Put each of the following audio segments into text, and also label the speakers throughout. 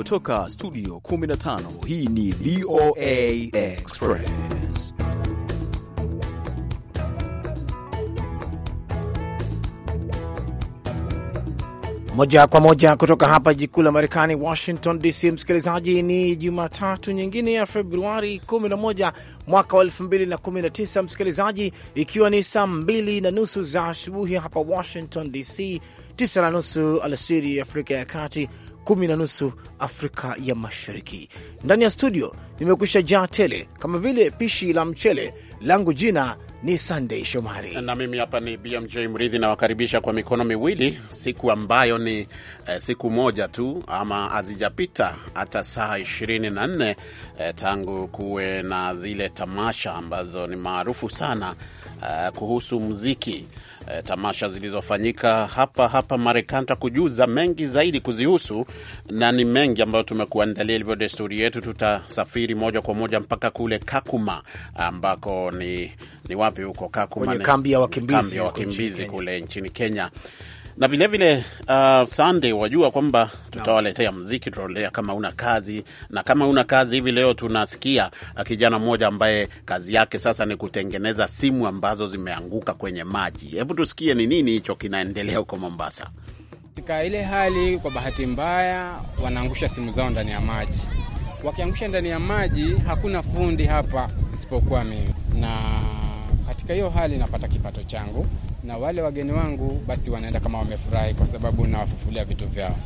Speaker 1: kutoka studio 15 hii ni VOA Express
Speaker 2: moja kwa moja kutoka hapa jikuu la Marekani, Washington DC. Msikilizaji, ni Jumatatu nyingine ya Februari 11 mwaka wa 2019, msikilizaji, ikiwa ni saa mbili na nusu za asubuhi hapa Washington DC, tisa na nusu alasiri Afrika ya Kati, kumi na nusu Afrika ya Mashariki. Ndani ya studio nimekwisha jaa tele kama vile pishi la mchele langu. Jina ni Sandey Shomari na mimi
Speaker 3: hapa ni BMJ Mridhi. Nawakaribisha kwa mikono miwili, siku ambayo ni eh, siku moja tu ama hazijapita hata saa 24 eh, tangu kuwe na zile tamasha ambazo ni maarufu sana eh, kuhusu muziki e, tamasha zilizofanyika hapa hapa Marekani. Tutakujuza mengi zaidi kuzihusu, na ni mengi ambayo tumekuandalia. Ilivyo desturi yetu, tutasafiri moja kwa moja mpaka kule Kakuma ambako ni, ni wapi huko Kakuma, kambi ya wakimbizi kule nchini Kenya na vilevile vile, uh, Sunday wajua kwamba tutawaletea mziki, tutawaletea kama una kazi na kama una kazi hivi. Leo tunasikia uh, kijana mmoja ambaye kazi yake sasa ni kutengeneza simu ambazo zimeanguka kwenye maji. Hebu tusikie ni nini hicho kinaendelea huko Mombasa.
Speaker 4: Katika ile hali, kwa bahati mbaya, wanaangusha simu zao ndani ya maji. Wakiangusha ndani ya maji, hakuna fundi hapa isipokuwa mimi na katika hiyo hali napata kipato changu, na wale wageni wangu basi wanaenda kama wamefurahi, kwa sababu nawafufulia vitu vyao.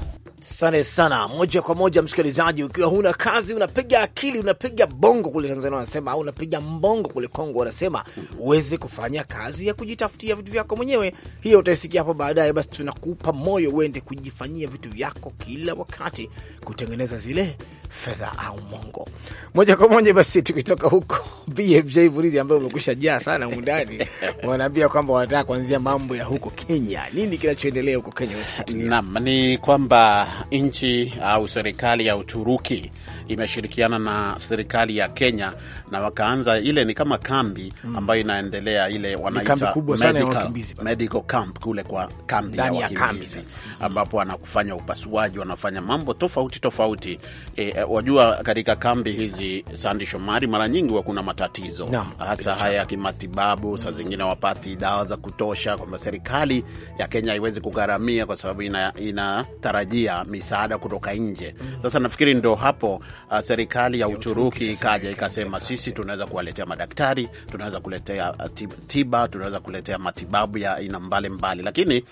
Speaker 2: Asante sana. Moja kwa moja, msikilizaji, ukiwa huna kazi, unapiga akili, unapiga bongo kule Tanzania wanasema, au unapiga mbongo kule Kongo wanasema, uweze kufanya kazi ya kujitafutia vitu vyako mwenyewe. Hiyo utaisikia hapo baadaye. Basi tunakupa moyo uende kujifanyia vitu vyako kila wakati, kutengeneza zile fedha au mongo. Moja kwa moja, basi tukitoka huko BMJ Buridi ambayo umekusha jaa sana mundani, wanaambia kwamba wanataka kuanzia mambo ya huko Kenya. Nini kinachoendelea huko Kenya? Naam,
Speaker 3: ni kwamba nchi au serikali ya Uturuki imeshirikiana na serikali ya Kenya na wakaanza ile ni kama kambi mm. ambayo inaendelea ile wanaita medical, medical camp kule kwa kambi ya wakimbizi ambapo wanakufanya upasuaji, wanafanya mambo tofauti tofauti. E, e wajua katika kambi hizi, Sandi Shomari, mara nyingi wakuna kuna matatizo hasa haya ya kimatibabu, saa mm. zingine wapati dawa za kutosha, kwamba serikali ya Kenya haiwezi kugharamia kwa sababu inatarajia ina ya misaada kutoka nje. Sasa nafikiri ndo hapo uh, serikali ya Uturuki ikaja ikasema, sisi tunaweza kuwaletea madaktari, tunaweza kuletea uh, tiba, tunaweza kuletea matibabu ya aina mbalimbali, lakini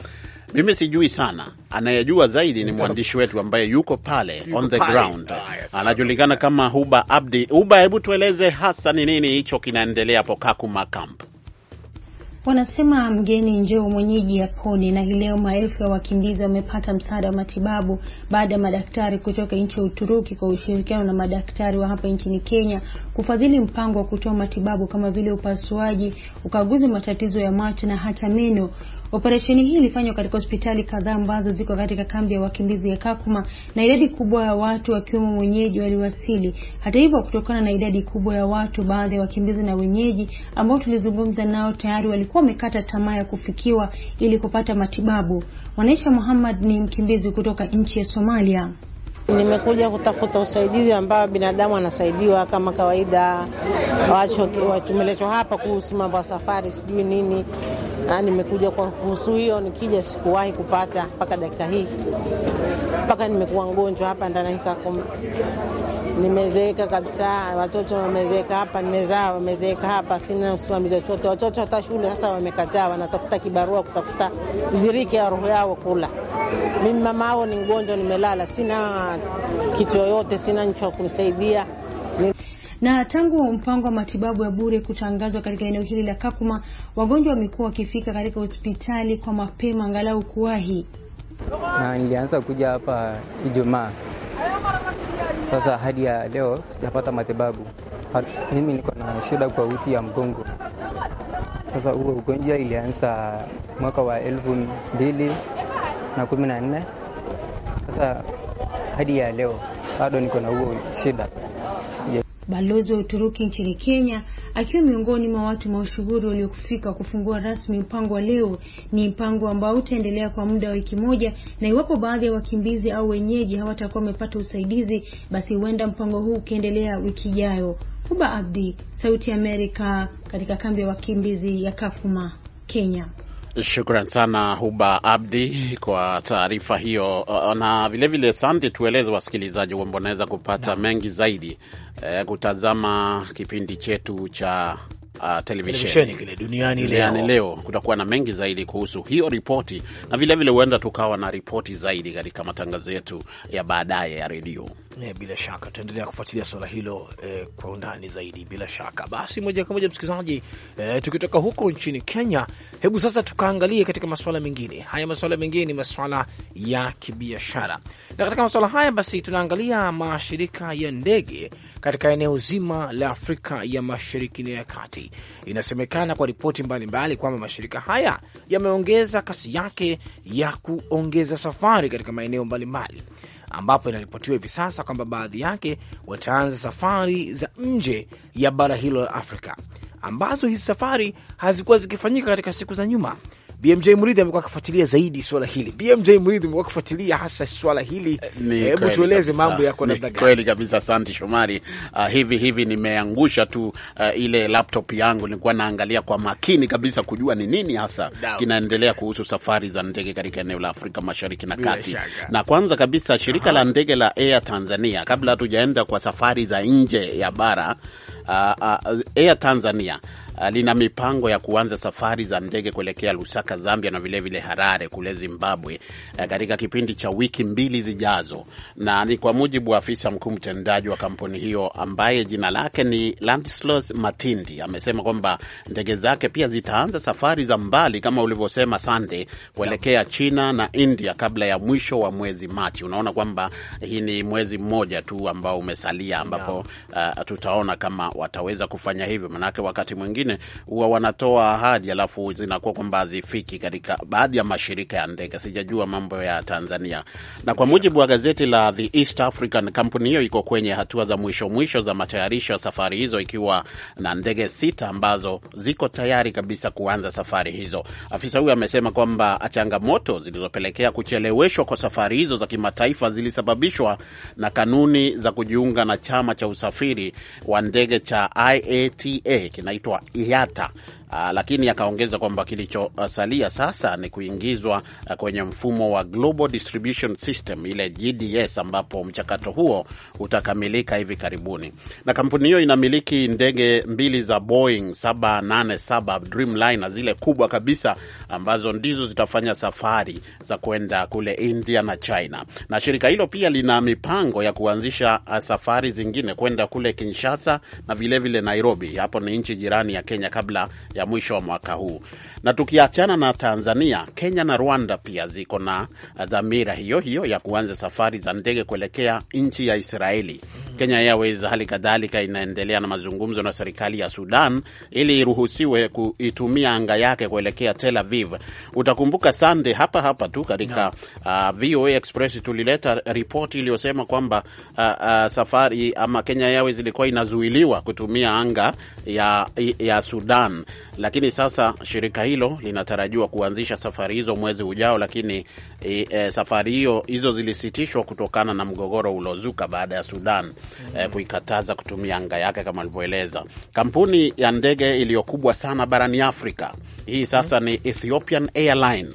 Speaker 3: mimi sijui sana. Anayejua zaidi ni mwandishi wetu ambaye yuko pale on the ground, ah, anajulikana kama Huba Abdi. Huba, hebu tueleze hasa ni nini hicho kinaendelea hapo Kakuma Camp?
Speaker 5: Wanasema mgeni njoo mwenyeji yapone, na hii leo maelfu ya wakimbizi wamepata msaada wa matibabu baada ya madaktari kutoka nchi ya Uturuki kwa ushirikiano na madaktari wa hapa nchini Kenya kufadhili mpango wa kutoa matibabu kama vile upasuaji, ukaguzi wa matatizo ya macho na hata meno. Operesheni hii ilifanywa katika hospitali kadhaa ambazo ziko katika kambi ya wakimbizi ya Kakuma na idadi kubwa ya watu wakiwemo wenyeji waliwasili. Hata hivyo, kutokana na idadi kubwa ya watu, baadhi ya wakimbizi na wenyeji ambao tulizungumza nao tayari walikuwa wamekata tamaa ya kufikiwa ili kupata matibabu. Mwanaisha Muhammad ni mkimbizi kutoka nchi ya Somalia. Nimekuja kutafuta usaidizi ambao binadamu anasaidiwa kama kawaida, wacho wachumelechwa hapa kuhusu mambo ya safari, sijui nini. Na ah, nimekuja kwa kuhusu hiyo, nikija sikuwahi kupata mpaka dakika hii, mpaka nimekuwa mgonjwa hapa ndani Kakoma. Nimezeeka kabisa, watoto wamezeeka hapa, nimezaa wamezeeka hapa, sina usimamizi chochote. Watoto hata shule sasa wamekataa, wanatafuta kibarua kutafuta dhiriki ya roho yao kula. Mimi mama yao ni mgonjwa, nimelala, sina kitu yoyote, sina nchi wa kunisaidia. Na tangu mpango wa matibabu ya bure kutangazwa katika eneo hili la Kakuma, wagonjwa wamekuwa wakifika katika hospitali kwa mapema angalau kuwahi.
Speaker 4: Na nilianza kuja hapa Ijumaa, sasa hadi ya leo sijapata matibabu. Mimi niko na shida kwa uti ya mgongo. Sasa huo ugonjwa ilianza mwaka wa elfu mbili na kumi na nne. Sasa hadi ya leo bado niko na huo shida.
Speaker 5: Balozi wa Uturuki nchini Kenya akiwa miongoni mwa watu mashuhuri waliofika kufungua rasmi mpango wa Leo. Ni mpango ambao utaendelea kwa muda wa wiki moja, na iwapo baadhi ya wakimbizi au wenyeji hawatakuwa wamepata usaidizi, basi huenda mpango huu ukiendelea wiki ijayo. Huba Abdi, Sauti ya Amerika, katika kambi ya wakimbizi ya Kafuma, Kenya.
Speaker 3: Shukran sana Huba Abdi kwa taarifa hiyo, uh, na vilevile Sande, tueleze wasikilizaji kwamba wanaweza kupata na mengi zaidi eh, kutazama kipindi chetu cha Uh, televisheni kile duniani leo. Leo kutakuwa na mengi zaidi kuhusu hiyo ripoti na vilevile huenda tukawa na ripoti zaidi katika matangazo yetu ya baadaye ya redio.
Speaker 2: E, bila shaka tutaendelea kufuatilia swala hilo e, kwa undani zaidi. Bila shaka basi, moja kwa moja msikilizaji, e, tukitoka huko nchini Kenya, hebu sasa tukaangalie katika masuala mengine. Haya masuala mengine ni masuala ya kibiashara, na katika masuala haya basi tunaangalia mashirika ya ndege katika eneo zima la Afrika ya Mashariki na ya Kati. Inasemekana kwa ripoti mbalimbali kwamba mashirika haya yameongeza kasi yake ya kuongeza safari katika maeneo mbalimbali ambapo inaripotiwa hivi sasa kwamba baadhi yake wataanza safari za nje ya bara hilo la Afrika ambazo hizi safari hazikuwa zikifanyika katika siku za nyuma, BMJ Murithi amekuwa akifuatilia zaidi swala hili. BMJ Murithi amekuwa akifuatilia hasa swala hili, eh, hebu tueleze mambo yako namna gani?
Speaker 3: Kweli kabisa, asante Shomari. Uh, hivi hivi nimeangusha tu uh, ile laptop yangu, nilikuwa naangalia kwa makini kabisa kujua ni nini hasa kinaendelea kuhusu safari za ndege katika eneo la Afrika Mashariki na Kati, na kwanza kabisa shirika Aha. la ndege la Air Tanzania, kabla hatujaenda kwa safari za nje ya bara uh, uh, Air Tanzania Uh, lina mipango ya kuanza safari za ndege kuelekea Lusaka, Zambia, na vilevile vile Harare kule Zimbabwe uh, katika kipindi cha wiki mbili zijazo, na ni kwa mujibu wa afisa mkuu mtendaji wa kampuni hiyo ambaye jina lake ni Landslos Matindi. Amesema kwamba ndege zake pia zitaanza safari za mbali kama ulivyosema Sande, kuelekea China na India kabla ya mwisho wa mwezi Machi. Unaona kwamba hii ni mwezi mmoja tu ambao umesalia, ambapo uh, tutaona kama wataweza kufanya hivyo, manake wakati mwingine wengine huwa wanatoa ahadi alafu zinakuwa kwamba hazifiki katika baadhi ya mashirika ya ndege. Sijajua mambo ya Tanzania. Na kwa mujibu wa gazeti la The East African, kampuni hiyo iko kwenye hatua za mwisho mwisho za matayarisho ya safari hizo, ikiwa na ndege sita ambazo ziko tayari kabisa kuanza safari hizo. Afisa huyo amesema kwamba changamoto zilizopelekea kucheleweshwa kwa safari hizo za kimataifa zilisababishwa na kanuni za kujiunga na chama cha usafiri wa ndege cha IATA kinaitwa IATA Aa, ah, lakini akaongeza kwamba kilichosalia sasa ni kuingizwa ah, kwenye mfumo wa Global Distribution System ile GDS, ambapo mchakato huo utakamilika hivi karibuni. Na kampuni hiyo inamiliki ndege mbili za Boeing 787 Dreamliner zile kubwa kabisa ambazo ndizo zitafanya safari za kwenda kule India na China, na shirika hilo pia lina mipango ya kuanzisha ah, safari zingine kwenda kule Kinshasa na vilevile vile Nairobi, hapo ni nchi jirani ya Kenya, kabla ya ya mwisho wa mwaka huu. Na tukiachana na Tanzania, Kenya na Rwanda pia ziko na dhamira hiyo hiyo ya kuanza safari za ndege kuelekea nchi ya Israeli. Mm-hmm. Kenya Airways hali kadhalika inaendelea na mazungumzo na serikali ya Sudan ili iruhusiwe kuitumia anga yake kuelekea Tel Aviv. Utakumbuka Sande, hapa hapa tu katika no. uh, VOA Express tulileta ripoti iliyosema kwamba uh, uh, safari ama Kenya Airways ilikuwa inazuiliwa kutumia anga ya, ya Sudan, lakini sasa shirika hilo linatarajiwa kuanzisha safari hizo mwezi ujao, lakini e, e, safari hiyo hizo zilisitishwa kutokana na mgogoro uliozuka baada ya Sudan mm -hmm. e, kuikataza kutumia anga yake kama alivyoeleza. Kampuni ya ndege iliyokubwa sana barani Afrika hii sasa mm -hmm. ni Ethiopian Airline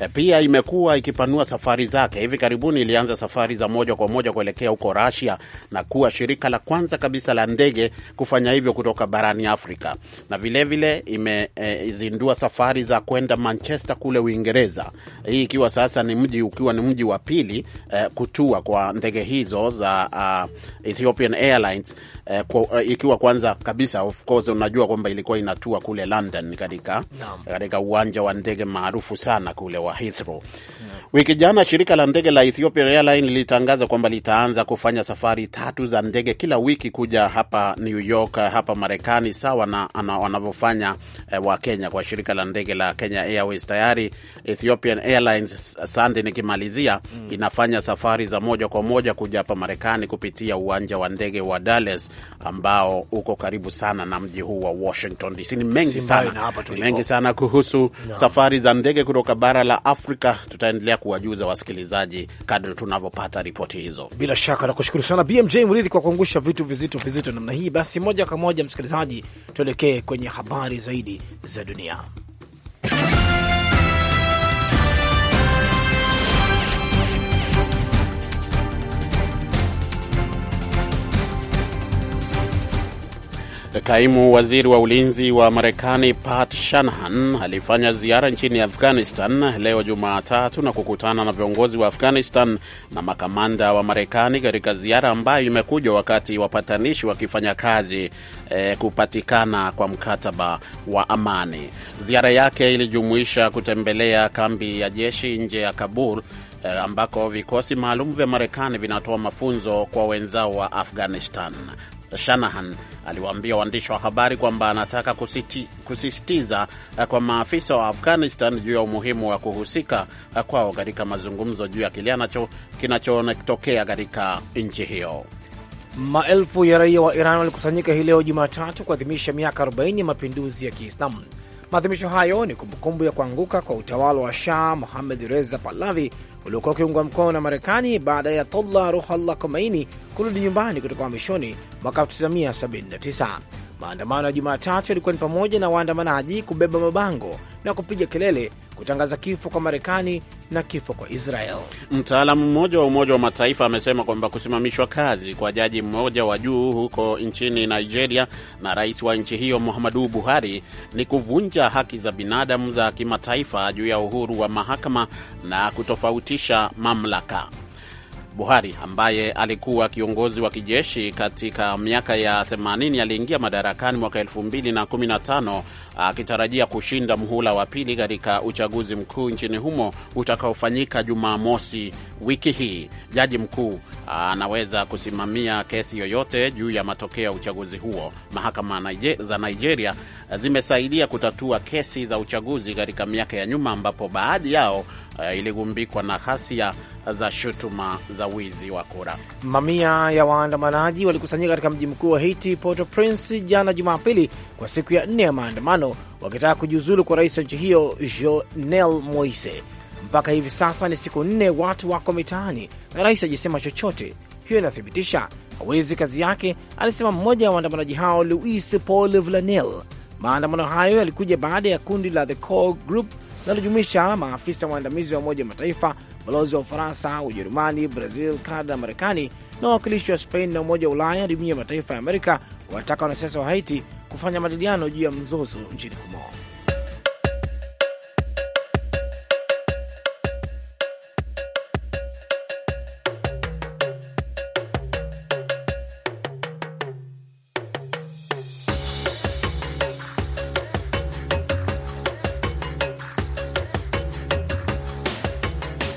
Speaker 3: E, pia imekuwa ikipanua safari zake. Hivi karibuni ilianza safari za moja kwa moja kuelekea huko Russia na kuwa shirika la kwanza kabisa la ndege kufanya hivyo kutoka barani Afrika, na vilevile imezindua eh, e, safari za kwenda Manchester kule Uingereza, hii ikiwa sasa ni mji ukiwa ni mji wa pili e, kutua kwa ndege hizo za uh, Ethiopian Airlines eh, kwa, eh, ikiwa kwanza kabisa of course unajua kwamba ilikuwa inatua kule London katika katika uwanja wa ndege maarufu sana kule wa Heathrow. Naam. Wiki jana shirika la ndege la Ethiopia Airlines lilitangaza kwamba litaanza kufanya safari tatu za ndege kila wiki kuja hapa New York, eh, hapa Marekani, sawa na wanavyofanya eh, wa Kenya kwa shirika la ndege la Kenya Airways. Tayari Ethiopian Airlines Sunday nikimalizia, mm, inafanya safari za moja kwa moja kuja hapa Marekani kupitia uwanja wa ndege wa Dallas ambao uko karibu sana na mji huu wa Washington DC. Ni mengi sana, mengi sana kuhusu no, safari za ndege kutoka bara la Afrika tutaendelea kuwajuza wasikilizaji kadri tunavyopata
Speaker 2: ripoti hizo. Bila shaka nakushukuru sana BMJ Mridhi kwa kuangusha vitu vizito vizito namna hii. Basi moja kwa moja, msikilizaji, tuelekee kwenye habari zaidi za dunia.
Speaker 3: Kaimu waziri wa ulinzi wa Marekani Pat Shanahan alifanya ziara nchini Afghanistan leo Jumatatu na kukutana na viongozi wa Afghanistan na makamanda wa Marekani katika ziara ambayo imekuja wakati wapatanishi wakifanya kazi e, kupatikana kwa mkataba wa amani. Ziara yake ilijumuisha kutembelea kambi ya jeshi nje ya Kabul e, ambako vikosi maalum vya Marekani vinatoa mafunzo kwa wenzao wa Afghanistan. Shanahan aliwaambia waandishi wa habari kwamba anataka kusisitiza eh, kwa maafisa wa Afghanistan juu ya umuhimu wa kuhusika eh, kwao katika mazungumzo juu ya kile kinachotokea katika nchi hiyo.
Speaker 2: Maelfu ya raia wa Iran walikusanyika hii leo Jumatatu kuadhimisha miaka 40 ya mapinduzi ya Kiislamu Maadhimisho hayo ni kumbukumbu ya kuanguka kwa utawala wa Shah muhamed Reza Pahlavi uliokuwa ukiungwa mkono na Marekani baada ya Tolla Ruhollah Khomeini kurudi nyumbani kutoka uhamishoni mwaka 1979. Maandamano ya Jumatatu yalikuwa ni pamoja na waandamanaji kubeba mabango na kupiga kelele kutangaza kifo kwa Marekani na kifo kwa Israel.
Speaker 3: Mtaalamu mmoja wa Umoja wa Mataifa amesema kwamba kusimamishwa kazi kwa jaji mmoja wa juu huko nchini Nigeria na rais wa nchi hiyo Muhammadu Buhari ni kuvunja haki za binadamu za kimataifa juu ya uhuru wa mahakama na kutofautisha mamlaka. Buhari ambaye alikuwa kiongozi wa kijeshi katika miaka ya 80 aliingia madarakani mwaka 2015 akitarajia kushinda mhula wa pili katika uchaguzi mkuu nchini humo utakaofanyika Jumamosi wiki hii. Jaji mkuu anaweza kusimamia kesi yoyote juu ya matokeo ya uchaguzi huo. Mahakama za Nigeria zimesaidia kutatua kesi za uchaguzi katika miaka ya nyuma, ambapo baadhi yao Eh, iligumbikwa na ghasia za shutuma za wizi
Speaker 2: wa kura. Mamia ya waandamanaji walikusanyika katika mji mkuu wa Haiti, port prince jana Jumapili kwa siku ya nne ya maandamano, wakitaka kujiuzulu kwa rais wa nchi hiyo jonel Moise. Mpaka hivi sasa ni siku nne watu wako mitaani na rais ajisema chochote. Hiyo inathibitisha hawezi kazi yake, alisema mmoja wa waandamanaji hao Louis Paul Vlanel. Maandamano hayo yalikuja baada ya kundi la The Call Group linalojumuisha maafisa waandamizi wa Umoja wa Mataifa, balozi wa Ufaransa, Ujerumani, Brazil, Kanada na Marekani na wawakilishi wa Spain na Umoja wa Ulaya na Jumuiya ya Mataifa ya Amerika wataka wanasiasa wa Haiti kufanya majadiliano juu ya mzozo nchini humo.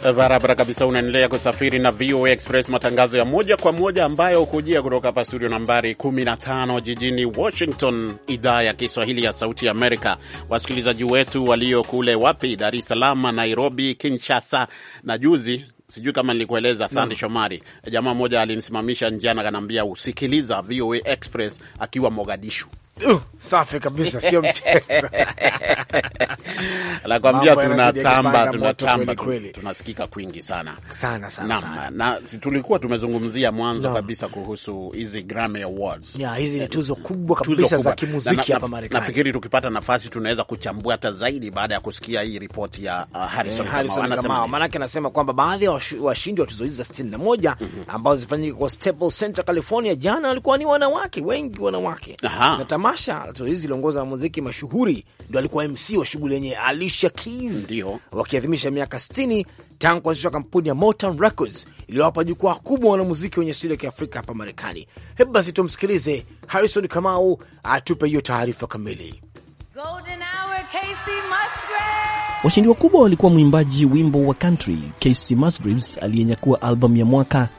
Speaker 3: Barabara kabisa, unaendelea kusafiri na VOA Express, matangazo ya moja kwa moja ambayo hukujia kutoka hapa studio nambari 15 jijini Washington, idhaa ya Kiswahili ya Sauti Amerika. Wasikilizaji wetu walio kule wapi, Dar es Salaam, Nairobi, Kinshasa na juzi sijui kama nilikueleza Sandi Shomari, jamaa mmoja alinisimamisha njiani kanaambia usikiliza VOA Express akiwa Mogadishu.
Speaker 2: Uh, safi kabisa, sio mchezo nakwambia, tunatamba tunatamba,
Speaker 3: tunasikika kwingi sana sana sana na, Na tulikuwa tumezungumzia mwanzo no. kabisa kuhusu hizi Grammy Awards
Speaker 2: ya hizi ni eh, tuzo kubwa kabisa tuzo kubwa. za kimuziki hapa na, Marekani. Nafikiri
Speaker 3: tukipata nafasi tunaweza kuchambua hata zaidi baada ya kusikia hii
Speaker 2: ripoti ya
Speaker 3: uh, Harrison yeah, Harrison Kamau,
Speaker 2: maanake anasema kwamba baadhi ya washindi wa tuzo hizi za 61 mm -hmm. ambazo zifanyika kwa Staples Center California jana walikuwa ni wanawake wengi, wanawake natamani tamasha zoezi liongoza muziki mashuhuri ndo alikuwa MC wa shughuli yenye Alicia Keys, ndio wakiadhimisha miaka 60 tangu kuanzishwa kampuni ya Motown Records iliyowapa jukwaa kubwa wanamuziki wenye asili ya Kiafrika hapa Marekani. Hebu basi tumsikilize Harrison Kamau atupe hiyo taarifa kamili.
Speaker 1: Washindi wakubwa walikuwa mwimbaji wimbo wa country Casey Musgraves aliyenyakua albamu ya mwaka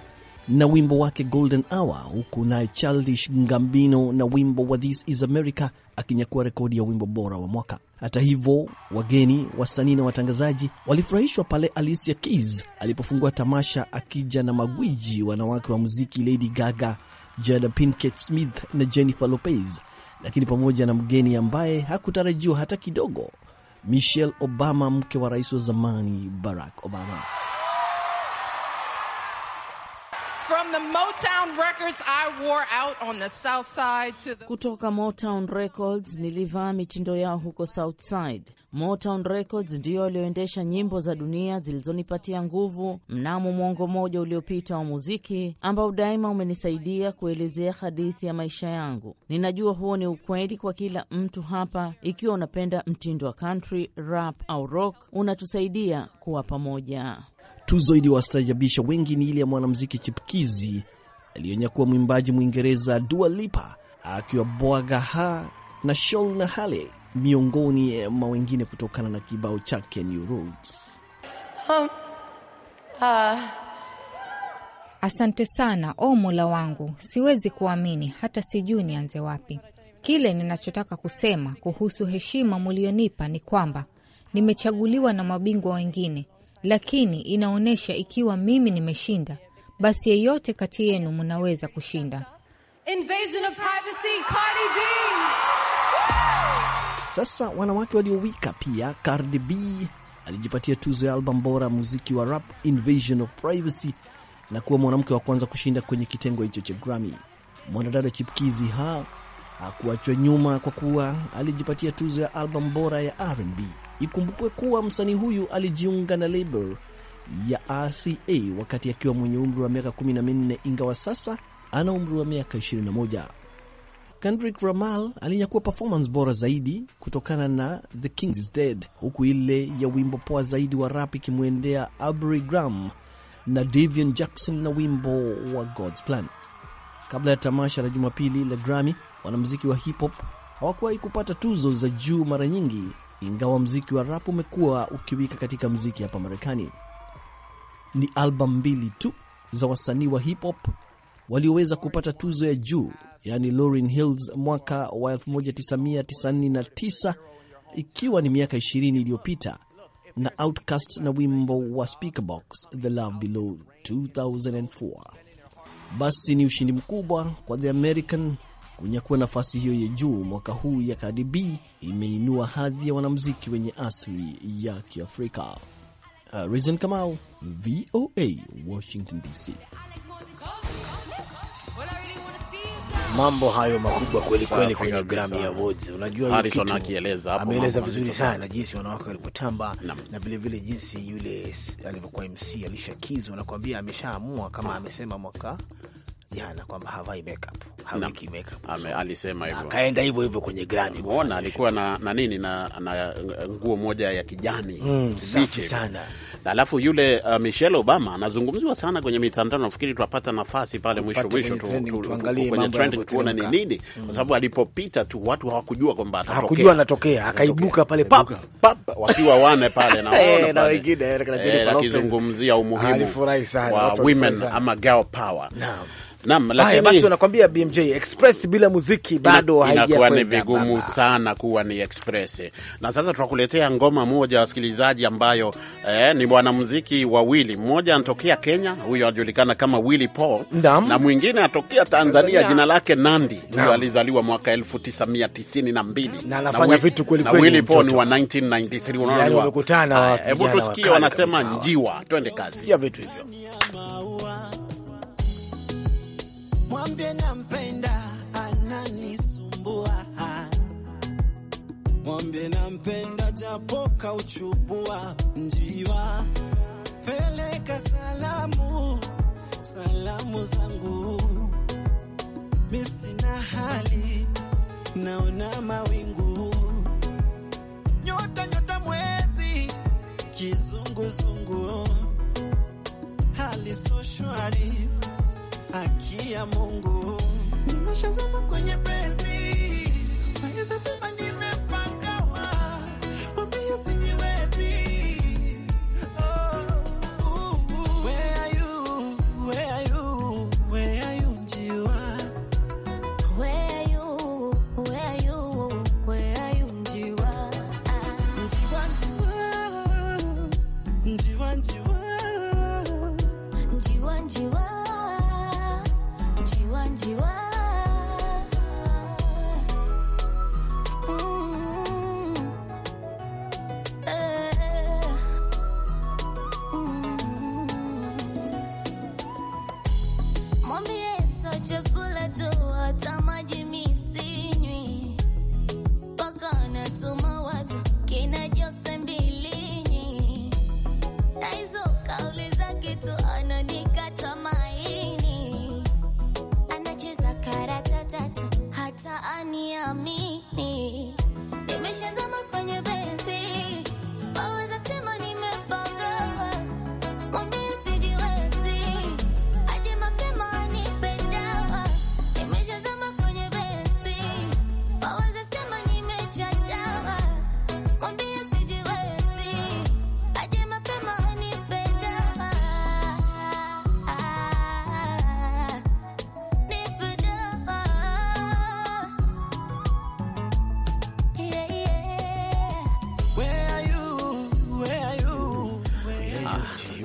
Speaker 1: na wimbo wake Golden Hour, huku naye Childish ngambino na wimbo wa This Is America akinyakua rekodi ya wimbo bora wa mwaka. Hata hivyo, wageni, wasanii na watangazaji walifurahishwa pale Alicia Keys alipofungua tamasha akija na magwiji wanawake wa muziki Lady Gaga, Jada Pinkett Smith na Jennifer Lopez, lakini pamoja na mgeni ambaye hakutarajiwa hata kidogo, Michelle Obama, mke wa rais wa zamani Barack Obama.
Speaker 5: From the Motown Records I wore out on the South Side to the... Kutoka Motown Records nilivaa mitindo yao huko South Side. Motown Records ndiyo walioendesha nyimbo za dunia zilizonipatia nguvu mnamo mwongo mmoja uliopita wa muziki ambao daima umenisaidia kuelezea hadithi ya maisha yangu. Ninajua huo ni ukweli kwa kila mtu hapa. Ikiwa unapenda mtindo wa country, rap au rock, unatusaidia kuwa pamoja.
Speaker 1: Tuzo iliwastajabisha wengi ni ile ya mwanamuziki chipukizi aliyonyakuwa mwimbaji Mwingereza Dua Lipa akiwa ha na shol na Hale miongoni mwa wengine kutokana na kibao chake New Roads.
Speaker 5: Um, uh... Ah. Asante sana o Mola wangu, siwezi kuamini, hata sijui nianze wapi. Kile ninachotaka kusema kuhusu heshima mulionipa ni kwamba nimechaguliwa na mabingwa wengine lakini inaonyesha ikiwa mimi nimeshinda, basi yeyote kati yenu mnaweza kushinda. Sasa wanawake waliowika pia, Cardi B
Speaker 1: alijipatia tuzo ya albamu bora muziki wa rap Invasion of Privacy na kuwa mwanamke wa kwanza kushinda kwenye kitengo hicho cha Grammy. Mwanadada chipkizi ha hakuachwa nyuma kwa kuwa alijipatia tuzo ya albamu bora ya R&B. Ikumbukwe kuwa msanii huyu alijiunga na label ya RCA wakati akiwa mwenye umri wa miaka 14 ingawa sasa ana umri wa miaka 21. Kendrick Lamar alinyakua performance bora zaidi kutokana na The King is Dead, huku ile ya wimbo poa zaidi wa rap ikimwendea Aubrey Graham na Davian Jackson na wimbo wa God's Plan. Kabla ya tamasha la Jumapili la Grammy, wanamuziki wa hip hop hawakuwahi kupata tuzo za juu mara nyingi ingawa mziki wa rap umekuwa ukiwika katika mziki hapa Marekani. Ni albamu mbili tu za wasanii wa hip hop walioweza kupata tuzo ya juu, yani Lauryn Hills mwaka wa 1999 ikiwa ni miaka 20 iliyopita na Outcast na wimbo wa Speakerbox The Love Below 2004. Basi ni ushindi mkubwa kwa The American Kunyakua nafasi hiyo ya juu mwaka huu ya Cardi B imeinua hadhi ya wanamuziki wenye asili ya Kiafrika. Uh, Reason Kamau, VOA, Washington DC. Mambo hayo makubwa kweli kweli kwenye
Speaker 2: Grammy Awards. Unajua Harrison akieleza hapo, ameeleza vizuri sana jinsi wanawake walivyotamba na vilevile jinsi yule alivyokuwa MC Alicia Keys, wanakuambia ameshaamua kama amesema mwaka jana kwamba havai makeup,
Speaker 3: makeup. Ame, alisema hivyo, akaenda hivyo hivyo kwenye Grammy. Umeona alikuwa na, na nini na, na nguo moja ya kijani mm, safi sana alafu yule uh, Michelle Obama anazungumziwa sana kwenye mitandao. Nafikiri tutapata nafasi pale mwisho mwisho kwenye trending tuone ni nini, kwa mm. sababu alipopita
Speaker 2: tu watu hawakujua kwamba atatokea, anatokea, akaibuka pale pap pap
Speaker 3: wakiwa wane eh, pale na wengine eh, akizungumzia umuhimu wa women ama girl power Naam, lakini basi,
Speaker 2: wanakwambia BMJ Express bila muziki bado haijakuwa ni
Speaker 3: vigumu sana kuwa ni Express. Na sasa tunakuletea ngoma moja wasikilizaji, ambayo eh, ni wanamuziki wawili, mmoja anatokea Kenya, huyo anajulikana kama Willy Paul Ndam, na mwingine anatokea Tanzania, jina lake Nandi, huyo alizaliwa mwaka 1992 na anafanya vitu kweli kweli. Na Willy Paul ni wa 1993. Yaani
Speaker 2: Unaona, eh, hebu tusikie wanasema njiwa,
Speaker 3: twende kazi, sikia
Speaker 2: vitu hivyo
Speaker 1: mwambie nampenda, ananisumbua. Mwambie nampenda, japo kauchubua njiwa. Peleka salamu, salamu zangu, misina hali, naona mawingu, nyota nyota, mwezi kizunguzungu, hali so shwari haki ya Mungu. Nimeshazama kwenye penzi, naweza sema nimepangawa, mwambie sijiwezi. Oh,
Speaker 4: Jiwa, 几万，几万。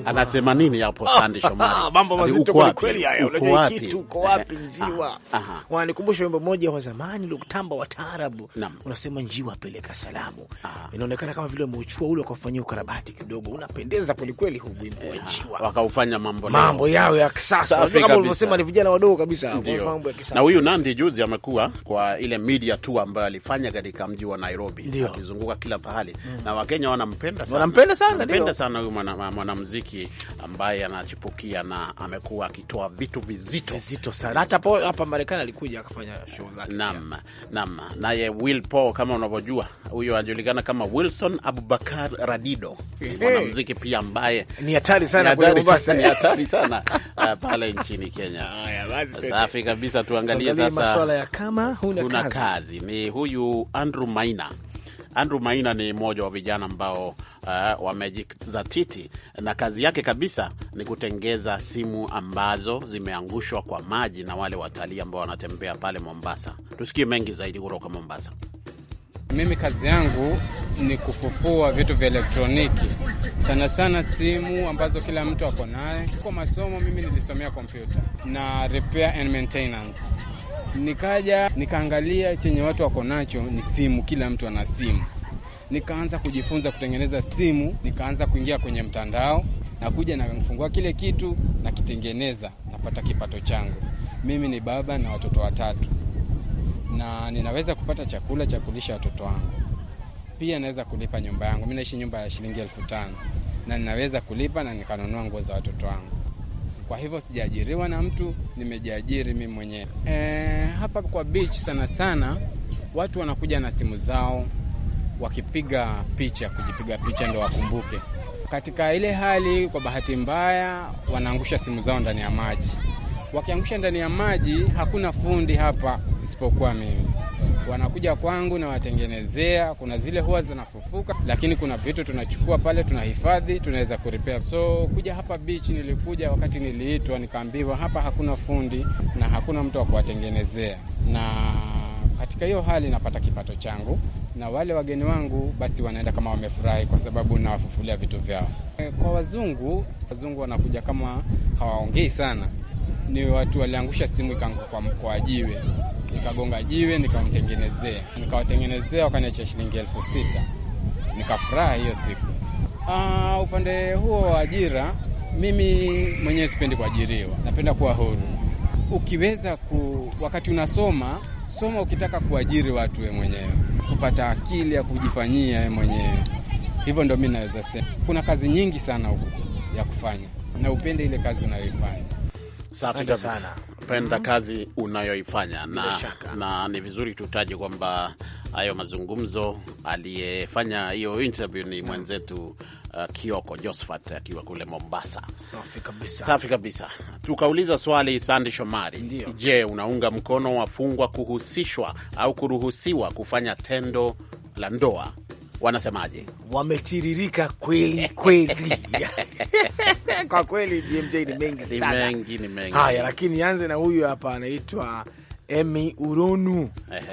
Speaker 3: anasema nini hapo ah, Sande Shomari? Ah, mambo yaani mazito kwa kweli haya. Unajua kitu uko
Speaker 2: wapi eh, njiwa? Ah, Wanikumbusha wimbo mmoja wa zamani Luktamba wa taarabu, unasema njiwa peleka salamu. Inaonekana kama vile umeuchua ule ukafanyia ukarabati kidogo, unapendeza kweli kweli huu wimbo wa eh, njiwa, wakaufanya mambo mambo yao ya kisasa, kama ulivyosema, ni vijana wadogo kabisa mambo ya kisasa. Na huyu
Speaker 3: Nandi juzi amekuwa kwa ile media tour ambayo alifanya katika mji wa Nairobi akizunguka kila pahali, mm. na Wakenya wanampenda sana, wanampenda sana huyu mwanamuziki muziki ambaye anachipukia na amekuwa akitoa vitu vizito
Speaker 2: vizito sana. Hata hapa Marekani alikuja akafanya show
Speaker 3: zake. Naam, naam. Naye Will Paul kama unavyojua, huyo anajulikana kama Wilson Abubakar Radido, mwanamuziki pia ambaye ni hatari sana, ni hatari sana eh, pale nchini Kenya. Haya basi, safi kabisa. Tuangalie sasa masuala ya
Speaker 2: kama huna, huna kazi. Kazi
Speaker 3: ni huyu Andrew Maina. Andrew Maina ni mmoja wa vijana ambao uh, wamejizatiti na kazi yake kabisa ni kutengeza simu ambazo zimeangushwa kwa maji na wale watalii ambao wanatembea pale Mombasa. Tusikie mengi zaidi kutoka
Speaker 4: Mombasa. Mimi kazi yangu ni kufufua vitu vya elektroniki, sana sana simu ambazo kila mtu ako naye. Kwa masomo mimi nilisomea kompyuta na repair and maintenance, nikaja nikaangalia chenye watu wako nacho ni simu, kila mtu ana simu nikaanza kujifunza kutengeneza simu, nikaanza kuingia kwenye mtandao, nakuja nafungua kile kitu nakitengeneza, napata kipato changu. Mimi ni baba na watoto watatu, na ninaweza kupata chakula cha kulisha watoto wangu, pia naweza kulipa nyumba yangu. Mi naishi nyumba ya shilingi elfu tano na ninaweza kulipa na nikanunua nguo za watoto wangu. Kwa hivyo sijaajiriwa na mtu, nimejiajiri mimi mwenyewe. E, hapa kwa beach sana sana watu wanakuja na simu zao wakipiga picha, kujipiga picha ndo wakumbuke. Katika ile hali, kwa bahati mbaya, wanaangusha simu zao ndani ya maji. Wakiangusha ndani ya maji, hakuna fundi hapa isipokuwa mimi. Wanakuja kwangu na watengenezea. Kuna zile huwa zinafufuka, lakini kuna vitu tunachukua pale, tunahifadhi, tunaweza kuripea. So kuja hapa beach, nilikuja wakati niliitwa, nikaambiwa hapa hakuna fundi na hakuna mtu wa kuwatengenezea na katika hiyo hali napata kipato changu, na wale wageni wangu basi wanaenda kama wamefurahi, kwa sababu nawafufulia vitu vyao. E, kwa wazungu, wazungu wanakuja kama hawaongei sana, ni watu waliangusha simu ikangu kwa, kwa jiwe nikagonga jiwe nikamtengenezea, nikawatengenezea wakaniachia shilingi elfu sita nikafuraha hiyo siku. Aa, upande huo wa ajira, mimi mwenyewe sipendi kuajiriwa, napenda kuwa huru. Ukiweza ku, wakati unasoma Kusoma ukitaka kuajiri watu we mwenyewe, kupata akili ya kujifanyia we mwenyewe, hivyo ndo mi naweza sema kuna kazi nyingi sana huku ya kufanya, na upende ile kazi unayoifanya. Safi sana,
Speaker 3: penda mhm. kazi unayoifanya na, na ni vizuri tutaje kwamba hayo mazungumzo aliyefanya hiyo interview ni mwenzetu uh, Kioko Josephat akiwa kule Mombasa.
Speaker 2: Safi kabisa, safi
Speaker 3: kabisa. Tukauliza swali sandi Shomari. Je, unaunga mkono wafungwa kuhusishwa au kuruhusiwa kufanya tendo la ndoa? Wanasemaje?
Speaker 2: Wametiririka kweli kweli. Kwa kweli BMJ ni mengi sana, ni mengi, ni mengi. Haya, lakini anze na huyu hapa anaitwa Emi Urunu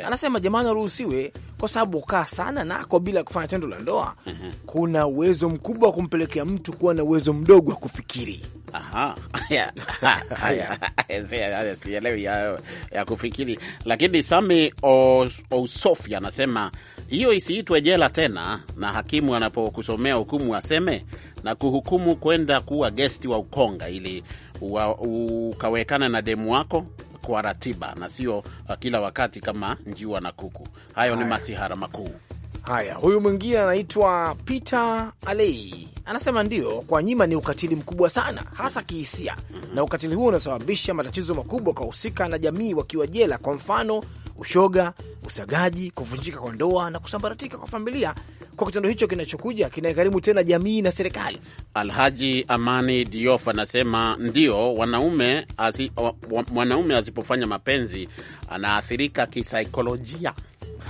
Speaker 2: anasema jamani, waruhusiwe kwa sababu kaa sana nako bila kufanya tendo la ndoa kuna uwezo mkubwa wa kumpelekea mtu kuwa na uwezo mdogo wa kufikiri.
Speaker 3: Sielewi ya kufikiri, lakini Sami Ousofi anasema hiyo isiitwe jela tena, na hakimu anapokusomea hukumu aseme na kuhukumu kwenda kuwa gesti wa Ukonga ili ukawekana na demu wako kwa ratiba na sio uh, kila wakati kama njiwa na kuku. Hayo haya, ni masihara makuu
Speaker 2: haya. Huyu mwingine anaitwa Peter Alei anasema ndio, kwa nyima ni ukatili mkubwa sana, hasa kihisia mm -hmm. na ukatili huo unasababisha matatizo makubwa kwa husika na jamii wakiwa jela, kwa mfano ushoga, usagaji, kuvunjika kwa ndoa na kusambaratika kwa familia. Kwa kitendo hicho kinachokuja kinagharimu tena jamii na serikali.
Speaker 3: Alhaji Amani Diof anasema ndio, wanaume asi, mwanaume asipofanya mapenzi anaathirika kisaikolojia.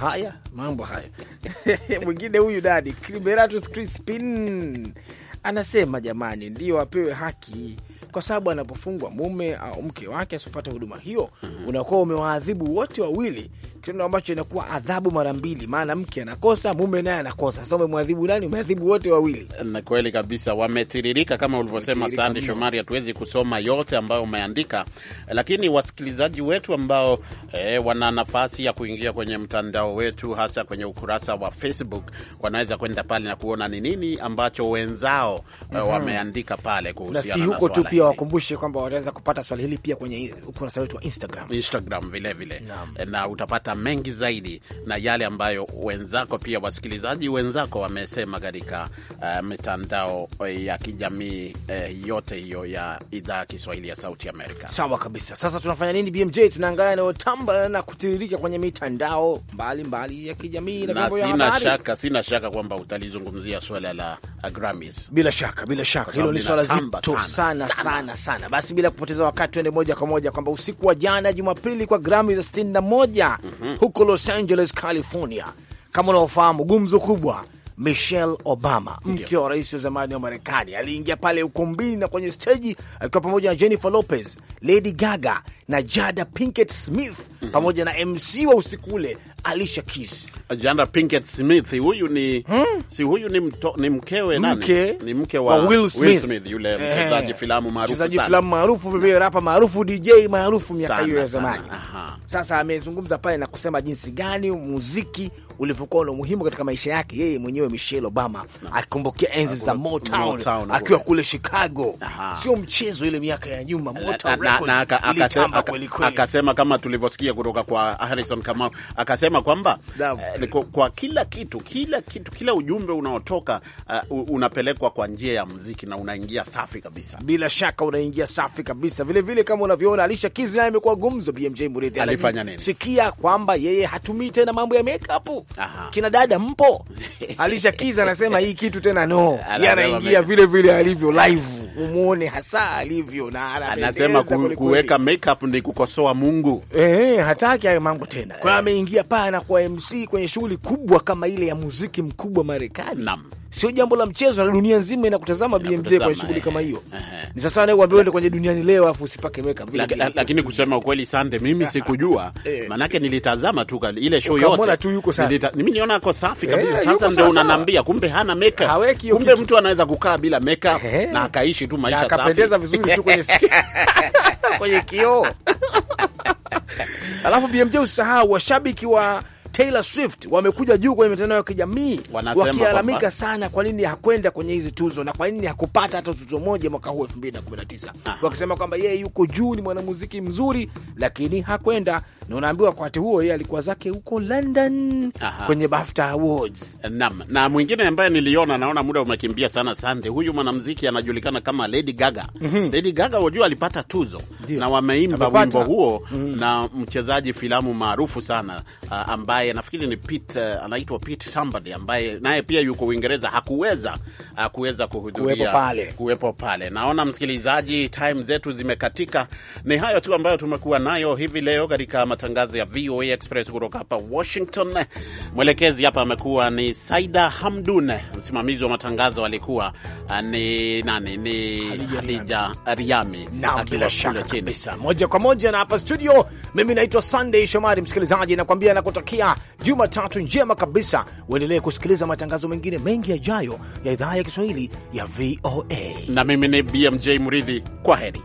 Speaker 2: Haya mambo haya. Mwingine huyu dadi Liberatus Crispin anasema jamani, ndio apewe haki kwa sababu anapofungwa mume au mke wake asipopata huduma hiyo, mm -hmm. unakuwa umewaadhibu wote wawili kitendo ambacho inakuwa adhabu mara mbili, maana mke anakosa, mume naye anakosa. Sasa umemwadhibu nani? Umeadhibu wote wawili. Ni
Speaker 3: kweli kabisa, wametiririka kama ulivyosema, Sandi Shomari. Hatuwezi kusoma yote ambayo umeandika, lakini wasikilizaji wetu ambao eh, wana nafasi ya kuingia kwenye mtandao wetu, hasa kwenye ukurasa wa Facebook, wanaweza kwenda pale na kuona ni nini ambacho wenzao mm -hmm. wameandika pale kuhusiana na si huko tu, pia
Speaker 2: wakumbushe kwamba wanaweza kupata swali hili pia kwenye ukurasa wetu wa Instagram,
Speaker 3: Instagram vilevile vile. na, na utapata na mengi zaidi na yale ambayo wenzako pia wasikilizaji wenzako wamesema katika uh, mitandao eh, ya kijamii uh, yote hiyo ya idhaa ya Kiswahili ya Sauti Amerika. Sawa
Speaker 2: kabisa. Sasa tunafanya nini BMJ? Tunaangalia yanayotamba na kutiririka kwenye mitandao mbalimbali mbali ya kijamii na, na sina shaka,
Speaker 3: sina shaka kwamba utalizungumzia swala la uh, Grammys.
Speaker 2: Bila shaka, bila shaka hilo ni swala zito sana sana sana. Basi bila kupoteza wakati, tuende moja kwa moja kwamba usiku wa jana Jumapili kwa Grammys za 61 mm -hmm huko Los Angeles, California. Kama unaofahamu gumzo kubwa Michelle Obama, mke wa rais wa zamani wa Marekani, aliingia pale ukumbini na kwenye steji akiwa pamoja na Jennifer Lopez, Lady Gaga na Jada Pinkett Smith mm -hmm. pamoja na MC wa usiku ule Alicia Keys.
Speaker 3: Jada Pinkett Smith huyu ni hmm? si huyu ni, mto, ni mkewe nani? Mke,
Speaker 2: ni mke wa, wa Will Smith, Will Smith
Speaker 3: yule mchezaji eh, filamu maarufu sana, mchezaji filamu
Speaker 2: maarufu vile rapa maarufu DJ maarufu miaka hiyo ya zamani. Sasa amezungumza pale na kusema jinsi gani muziki ulivyokuwa na umuhimu katika maisha yake yeye mwenyewe Michelle Obama akikumbukia enzi za Motown akiwa kule Chicago. Aha. Sio mchezo ile miaka ya nyuma Motown Records, akasema akasema
Speaker 3: kama tulivyosikia kutoka kwa Harrison Kamau akasema kwamba eh, kwa kila kitu kila kitu kila ujumbe unaotoka uh, unapelekwa kwa njia ya muziki na unaingia safi
Speaker 2: kabisa, bila shaka unaingia safi kabisa vile vile, kama unavyoona Alicia Keys naye amekuwa gumzo. BMJ Muridhi alifanya nini? Sikia kwamba yeye hatumii tena mambo ya makeup Aha. Kina dada mpo? Alicia Keys anasema hii kitu tena no. Anaingia vile vile alivyo live. Umuone hasa alivyo na anasema kuweka
Speaker 3: makeup ni kukosoa Mungu.
Speaker 2: Eh, hataki hayo mambo tena. Kwa ameingia pale na kwa MC kwenye shughuli kubwa kama ile ya muziki mkubwa Marekani. Naam sio jambo la mchezo, na dunia nzima inakutazama BMJ kwa shughuli kama eh, hiyo. Eh, eh. Ni sasa na uambiwe uende kwenye duniani leo afu usipake makeup vile.
Speaker 3: Lakini kusema ukweli, sande, mimi sikujua, manake nilitazama tu ile show yote, mimi niona ako safi kabisa. Sasa ndio unanambia, kumbe hana makeup, kumbe mtu anaweza kukaa bila makeup na akaishi tu maisha safi, akapendeza vizuri tu kwenye kwenye
Speaker 2: kioo. Alafu BMJ usahau washabiki wa Taylor Swift wamekuja juu kwenye mitandao ya kijamii wakilalamika sana, kwa nini hakwenda kwenye hizi tuzo na kwa nini hakupata hata tuzo moja mwaka huu elfu mbili na na kumi tisa ah. wakisema kwamba yeye yuko juu, ni mwanamuziki mzuri, lakini hakwenda na unaambiwa wakati huo yeye alikuwa zake huko London Aha. kwenye BAFTA Awards.
Speaker 3: Naam, na mwingine ambaye niliona, naona muda umekimbia sana, sande. Huyu mwanamuziki anajulikana kama Lady Gaga. mm -hmm. Lady Gaga wajua alipata tuzo Dio. na wameimba wimbo huo mm -hmm. na mchezaji filamu maarufu sana uh, ambaye ambaye nafikiri ni Pete, eh, anaitwa Pete somebody ambaye naye pia yuko Uingereza hakuweza uh, kuweza kuhudhuria kuwepo pale. pale. Naona msikilizaji, time zetu zimekatika. Ni hayo tu ambayo tumekuwa nayo hivi leo katika matangazo ya VOA Express kutoka hapa Washington. Mwelekezi hapa amekuwa ni Saida Hamdun, msimamizi wa matangazo alikuwa eh, ni nani? Ni Hadija Riami akiwa kule chini
Speaker 2: moja kwa moja na hapa studio. Mimi naitwa Sunday Shomari, msikilizaji nakwambia nakutakia juma Jumatatu njema kabisa. Uendelee kusikiliza matangazo mengine mengi yajayo ya idhaa ya Kiswahili ya VOA,
Speaker 3: na mimi ni BMJ Muridhi. Kwa heri.